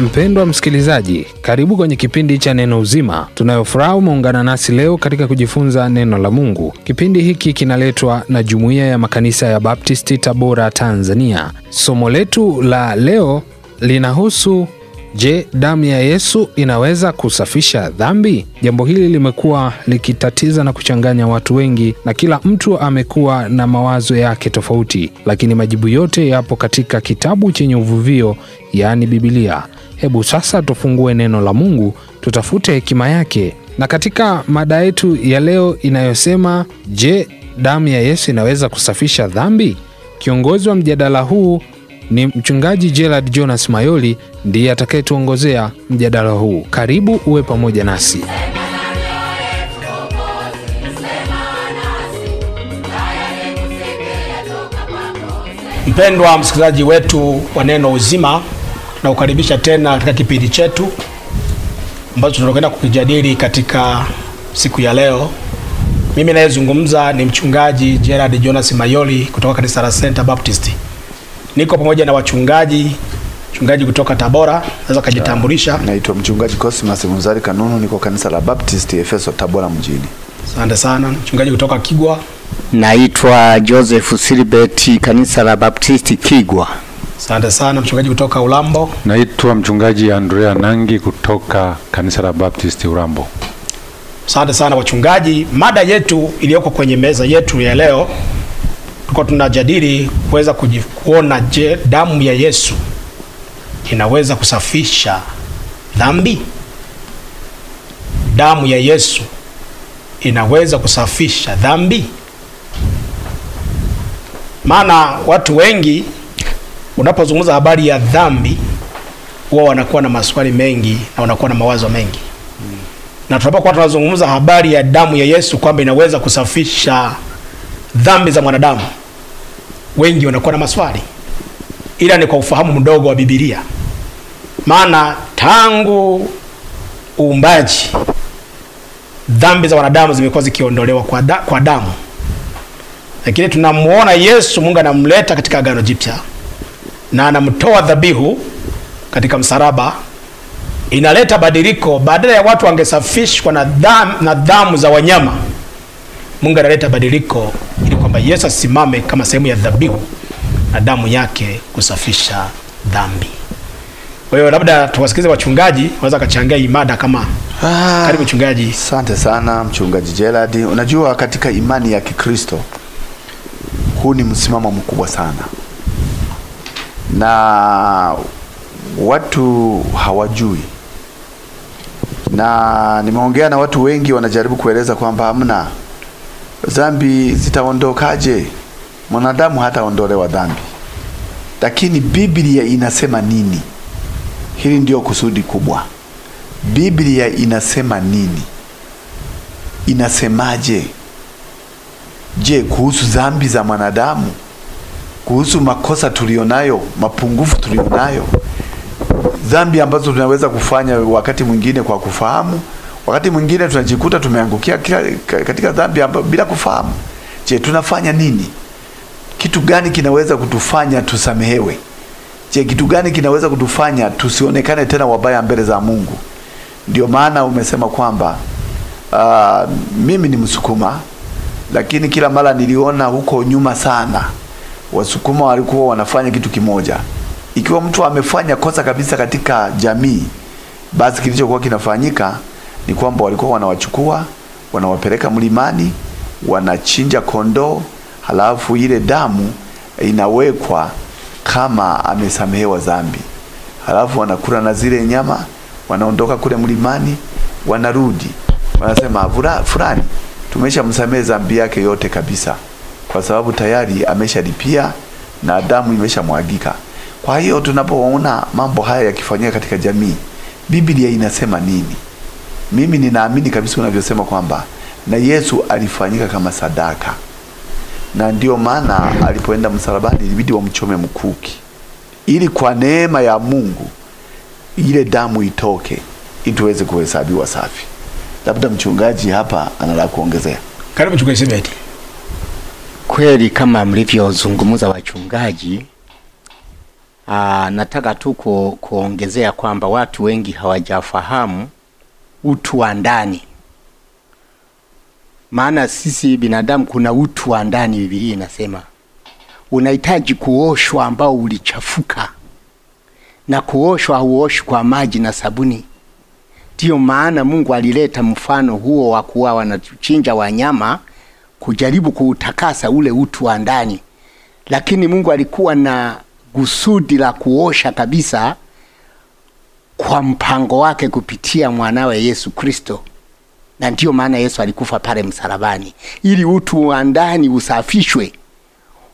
Mpendwa msikilizaji, karibu kwenye kipindi cha Neno Uzima. Tunayofuraha umeungana nasi leo katika kujifunza neno la Mungu. Kipindi hiki kinaletwa na Jumuiya ya Makanisa ya Baptisti Tabora, Tanzania. Somo letu la leo linahusu Je, damu ya Yesu inaweza kusafisha dhambi? Jambo hili limekuwa likitatiza na kuchanganya watu wengi na kila mtu amekuwa na mawazo yake tofauti, lakini majibu yote yapo katika kitabu chenye uvuvio, yaani bibilia Hebu sasa tufungue neno la Mungu, tutafute hekima yake. Na katika mada yetu ya leo inayosema, je, damu ya Yesu inaweza kusafisha dhambi? Kiongozi wa mjadala huu ni mchungaji Gerald Jonas Mayoli ndiye atakayetuongozea mjadala huu. Karibu uwe pamoja nasi. Mpendwa msikilizaji wetu wa Neno Uzima, tunakukaribisha tena katika kipindi chetu ambacho tunakwenda kukijadili katika siku ya leo. Mimi nayezungumza ni mchungaji gerard Jonas Mayoli kutoka kanisa la Center Baptist niko pamoja na wachungaji mchungaji kutoka Tabora, naweza kujitambulisha. Naitwa mchungaji Cosmas Muzari Kanunu, niko kanisa la Baptist Efeso Tabora mjini. Asante sana. Mchungaji kutoka Kigwa. Naitwa Joseph Silibeti, kanisa la Baptist Kigwa. Asante sana. Mchungaji kutoka Ulambo. Naitwa mchungaji Andrea Nangi kutoka kanisa la Baptist Ulambo. Asante sana wachungaji. Mada yetu iliyoko kwenye meza yetu ya leo tuko tunajadili kuweza kuona, je, damu ya Yesu inaweza kusafisha dhambi? Damu ya Yesu inaweza kusafisha dhambi? Maana watu wengi unapozungumza habari ya dhambi huwa wanakuwa na maswali mengi na wanakuwa na mawazo mengi mm. Na tunapokuwa tunazungumza habari ya damu ya Yesu kwamba inaweza kusafisha dhambi za mwanadamu wengi wanakuwa na maswali, ila ni kwa ufahamu mdogo wa Biblia, maana tangu uumbaji dhambi za wanadamu zimekuwa zikiondolewa kwa, da, kwa damu, lakini tunamwona Yesu Mungu anamleta katika Agano Jipya na anamtoa dhabihu katika msalaba, inaleta badiliko. Badala ya watu wangesafishwa na, na damu za wanyama, Mungu analeta badiliko kwamba Yesu asimame kama sehemu ya dhabihu na damu yake kusafisha dhambi. Kwa hiyo labda tuwasikilize wachungaji, waweza kachangia imada kama ah. Karibu mchungaji. Asante sana mchungaji Gerard. Unajua, katika imani ya Kikristo huu ni msimamo mkubwa sana, na watu hawajui, na nimeongea na watu wengi wanajaribu kueleza kwamba hamna dhambi zitaondokaje? Mwanadamu hataondolewa dhambi, lakini Biblia inasema nini? Hili ndio kusudi kubwa. Biblia inasema nini? Inasemaje? Je, kuhusu dhambi za mwanadamu, kuhusu makosa tulionayo, mapungufu tulionayo, dhambi ambazo tunaweza kufanya wakati mwingine kwa kufahamu Wakati mwingine tunajikuta tumeangukia katika dhambi bila kufahamu. Je, tunafanya nini? Kitu gani kinaweza kutufanya tusamehewe? Je, kitu gani kinaweza kutufanya tusionekane tena wabaya mbele za Mungu? Ndio maana umesema kwamba uh, mimi ni Msukuma, lakini kila mara niliona huko nyuma sana Wasukuma walikuwa wanafanya kitu kimoja. Ikiwa mtu amefanya kosa kabisa katika jamii, basi kilichokuwa kinafanyika ni kwamba walikuwa wanawachukua wanawapeleka mlimani, wanachinja kondoo, halafu ile damu inawekwa kama amesamehewa dhambi, halafu wanakula na zile nyama, wanaondoka kule mlimani, wanarudi wanasema, fulani tumeshamsamehe dhambi yake yote kabisa, kwa sababu tayari ameshalipia na damu imeshamwagika. Kwa hiyo tunapoona mambo haya yakifanyika katika jamii, Biblia inasema nini? Mimi ninaamini kabisa unavyosema kwamba na Yesu alifanyika kama sadaka, na ndiyo maana alipoenda msalabani ilibidi wamchome mkuki, ili kwa neema ya Mungu ile damu itoke ili tuweze kuhesabiwa safi. Labda mchungaji hapa anala kuongezea. Karibu mchungaji Sebeti. Kweli kama mlivyozungumza wachungaji, aa, nataka tu ku, kuongezea kwamba watu wengi hawajafahamu utu wa ndani, maana sisi binadamu kuna utu wa ndani. Biblia inasema unahitaji kuoshwa ambao ulichafuka, na kuoshwa hauoshwi kwa maji na sabuni. Ndiyo maana Mungu alileta mfano huo wa kuwa wanachinja wanyama kujaribu kuutakasa ule utu wa ndani, lakini Mungu alikuwa na kusudi la kuosha kabisa kwa mpango wake kupitia mwanawe Yesu Kristo. Na ndiyo maana Yesu alikufa pale msalabani, ili utu wa ndani usafishwe,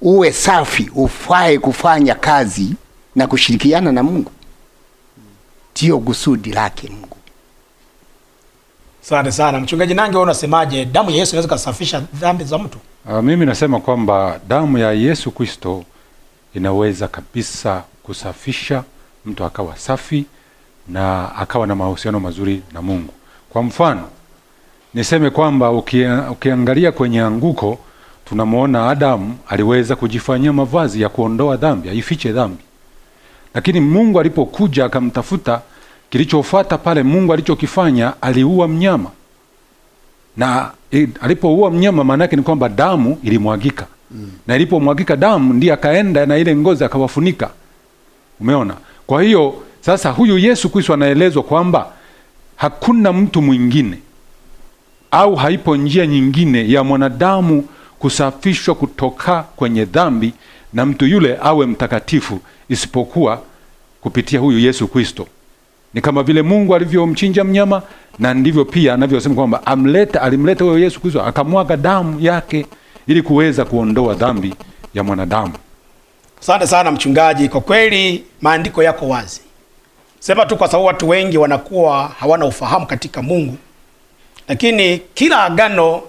uwe safi, ufae kufanya kazi na kushirikiana na Mungu. Ndiyo kusudi lake Mungu. Asante sana mchungaji Nange, wewe unasemaje? Damu ya Yesu inaweza kusafisha dhambi za mtu? Uh, mimi nasema kwamba damu ya Yesu Kristo inaweza kabisa kusafisha mtu akawa safi na akawa na mahusiano mazuri na Mungu. Kwa mfano niseme kwamba ukiangalia kwenye anguko tunamwona Adamu aliweza kujifanyia mavazi ya kuondoa dhambi, aifiche dhambi, lakini Mungu alipokuja akamtafuta, kilichofuata pale Mungu alichokifanya aliua mnyama, na alipouua mnyama, maana yake ni kwamba damu ilimwagika mm. na ilipomwagika damu, ndiye akaenda na ile ngozi akawafunika. Umeona? Kwa hiyo sasa huyu Yesu Kristo anaelezwa kwamba hakuna mtu mwingine au haipo njia nyingine ya mwanadamu kusafishwa kutoka kwenye dhambi na mtu yule awe mtakatifu isipokuwa kupitia huyu Yesu Kristo. Ni kama vile Mungu alivyomchinja mnyama, na ndivyo pia anavyosema kwamba amleta, alimleta huyo Yesu Kristo akamwaga damu yake ili kuweza kuondoa dhambi ya mwanadamu. Asante sana mchungaji, kwa kweli maandiko yako wazi Sema tu kwa sababu watu wengi wanakuwa hawana ufahamu katika Mungu, lakini kila agano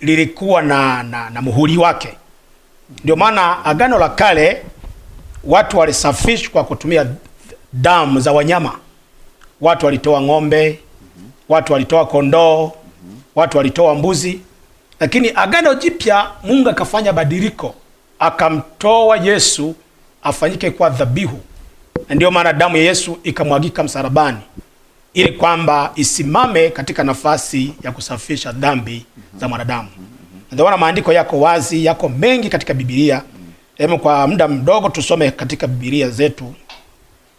lilikuwa na, na, na muhuri wake. Ndio maana agano la kale watu walisafishwa kwa kutumia damu za wanyama. Watu walitoa ng'ombe, watu walitoa kondoo, watu walitoa mbuzi, lakini agano jipya Mungu akafanya badiliko, akamtoa Yesu afanyike kwa dhabihu na ndiyo maana damu ya Yesu ikamwagika msalabani ili kwamba isimame katika nafasi ya kusafisha dhambi za mwanadamu. Ndio maana maandiko yako wazi, yako mengi katika Biblia. Hebu kwa muda mdogo tusome katika Biblia zetu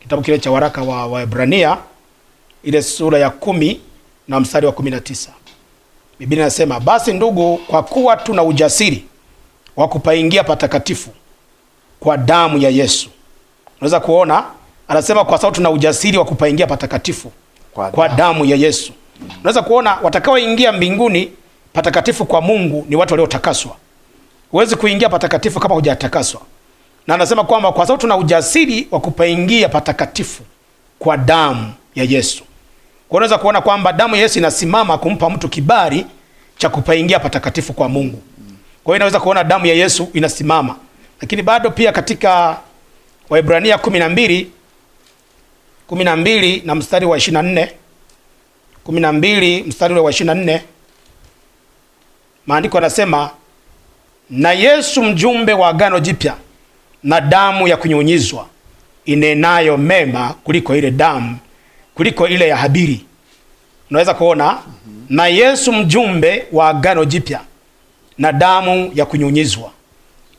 kitabu kile cha waraka wa Waebrania ile sura ya kumi na mstari wa kumi na tisa. Biblia inasema basi ndugu, kwa kuwa tuna ujasiri wa kupaingia patakatifu kwa damu ya Yesu unaweza kuona anasema kwa sababu tuna ujasiri wa kupaingia patakatifu kwa, kwa damu ya Yesu. Unaweza kuona watakaoingia mbinguni patakatifu kwa Mungu ni watu waliotakaswa. Huwezi kuingia patakatifu kama hujatakaswa, na anasema kwamba kwa sababu tuna ujasiri wa kupaingia patakatifu kwa damu ya Yesu. Kwa unaweza kuona kwamba damu ya Yesu inasimama kumpa mtu kibali cha kupaingia patakatifu kwa Mungu. Kwa hiyo inaweza kuona damu ya Yesu inasimama, lakini bado pia katika Waebrania 12 kumi na mstari wa na mbili mstari wa nne maandiko yanasema na Yesu mjumbe wa agano jipya na damu ya kunyunyizwa inenayo mema kuliko ile damu kuliko ile ya Habiri. Unaweza kuona mm -hmm. na Yesu mjumbe wa agano jipya na damu ya kunyunyizwa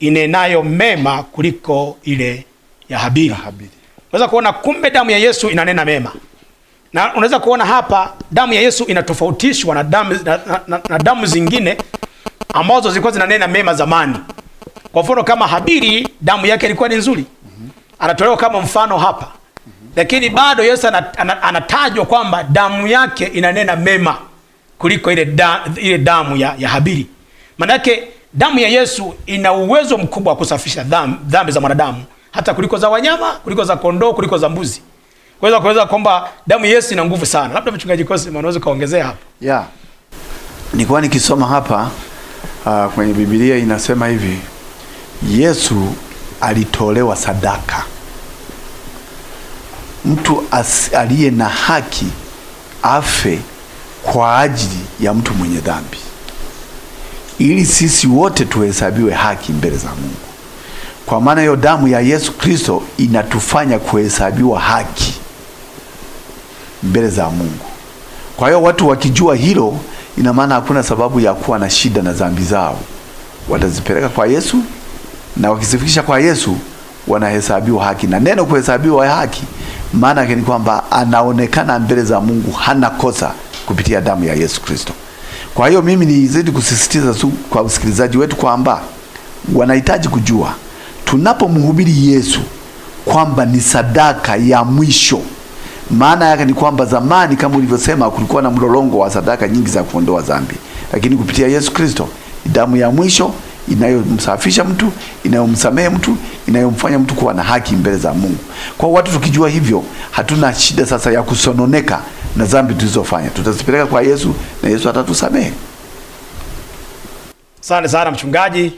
inenayo mema kuliko ile ya Habili, ya Habili. Unaweza kuona kumbe damu ya Yesu inanena mema na unaweza kuona hapa damu ya Yesu inatofautishwa na damu, na, na, na damu zingine ambazo zilikuwa zinanena mema zamani. Kwa mfano kama Habili, damu yake ilikuwa ni nzuri, mhm. anatolewa kama mfano hapa, mhm. lakini bado Yesu anatajwa kwamba damu yake inanena mema kuliko ile, da, ile damu ya, ya Habili. Maanake damu ya Yesu ina uwezo mkubwa wa kusafisha dhambi za mwanadamu hata kuliko za wanyama, kuliko za kondoo, kuliko za mbuzi. Kuweza kuweza kwamba damu Yesu ina nguvu sana. Labda mchungaji Kosi unaweza kaongezea hapo. Yeah. Nilikuwa nikisoma hapa uh, kwenye Biblia inasema hivi. Yesu alitolewa sadaka. Mtu aliye na haki afe kwa ajili ya mtu mwenye dhambi, ili sisi wote tuhesabiwe haki mbele za Mungu. Kwa maana hiyo damu ya Yesu Kristo inatufanya kuhesabiwa haki mbele za Mungu. Kwa hiyo watu wakijua hilo, ina maana hakuna sababu ya kuwa na shida na dhambi zao, watazipeleka kwa Yesu, na wakizifikisha kwa Yesu wanahesabiwa haki. Na neno kuhesabiwa haki maana yake ni kwamba anaonekana mbele za Mungu hana kosa kupitia damu ya Yesu Kristo. Kwa hiyo mimi nizidi kusisitiza tu kwa usikilizaji wetu kwamba wanahitaji kujua tunapomhubiri Yesu kwamba ni sadaka ya mwisho, maana yake ni kwamba zamani, kama ulivyosema, kulikuwa na mlolongo wa sadaka nyingi za kuondoa dhambi, lakini kupitia Yesu Kristo ni damu ya mwisho inayomsafisha mtu, inayomsamehe mtu, inayomfanya mtu kuwa na haki mbele za Mungu. Kwa watu tukijua hivyo, hatuna shida sasa ya kusononeka na dhambi tulizofanya, tutazipeleka kwa Yesu na Yesu atatusamehe. Asante sana mchungaji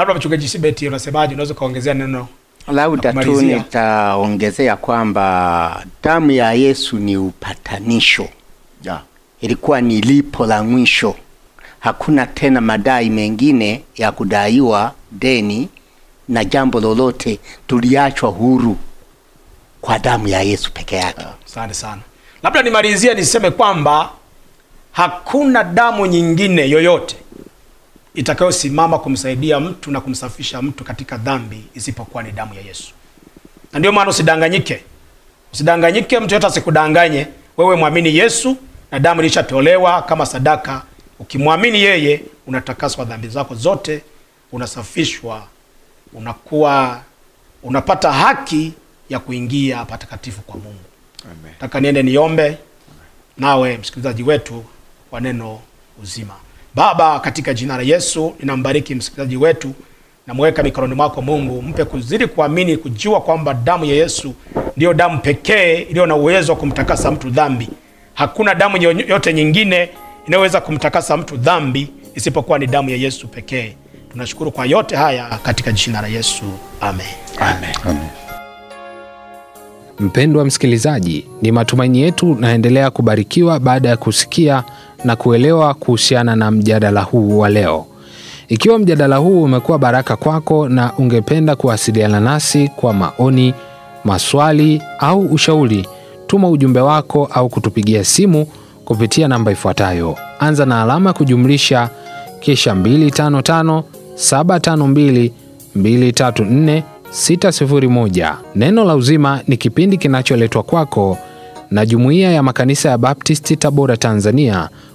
labda mchungaji Sibeti, unasemaje? Unaweza ukaongezea neno Lauda tu nitaongezea kwamba damu ya Yesu ni upatanisho yeah. Ilikuwa ni lipo la mwisho, hakuna tena madai mengine ya kudaiwa deni na jambo lolote. Tuliachwa huru kwa damu ya Yesu peke yake. Ah, asante sana. Labda nimalizie niseme kwamba hakuna damu nyingine yoyote itakayosimama kumsaidia mtu na kumsafisha mtu katika dhambi isipokuwa ni damu ya Yesu. Na ndio maana usidanganyike, usidanganyike, mtu yote asikudanganye. Wewe mwamini Yesu na damu ilishatolewa kama sadaka. Ukimwamini yeye, unatakaswa dhambi zako zote, unasafishwa, unakuwa unapata haki ya kuingia patakatifu kwa Mungu. Amen. Taka niende niombe nawe msikilizaji wetu wa neno uzima. Baba, katika jina la Yesu ninambariki msikilizaji wetu, namweka mikononi mwako Mungu, mpe kuzidi kuamini, kujua kwamba damu ya Yesu ndiyo damu pekee iliyo na uwezo wa kumtakasa mtu dhambi. Hakuna damu yote nyingine inayoweza kumtakasa mtu dhambi isipokuwa ni damu ya Yesu pekee. Tunashukuru kwa yote haya katika jina la Yesu, amen. Amen. Amen. Mpendwa msikilizaji, ni matumaini yetu naendelea kubarikiwa baada ya kusikia na kuelewa kuhusiana na mjadala huu wa leo. Ikiwa mjadala huu umekuwa baraka kwako na ungependa kuwasiliana nasi kwa maoni, maswali au ushauri, tuma ujumbe wako au kutupigia simu kupitia namba ifuatayo: anza na alama kujumlisha kisha 255 Neno la Uzima ni kipindi kinacholetwa kwako na Jumuiya ya Makanisa ya Baptisti Tabora, Tanzania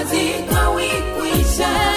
hazikawikwisha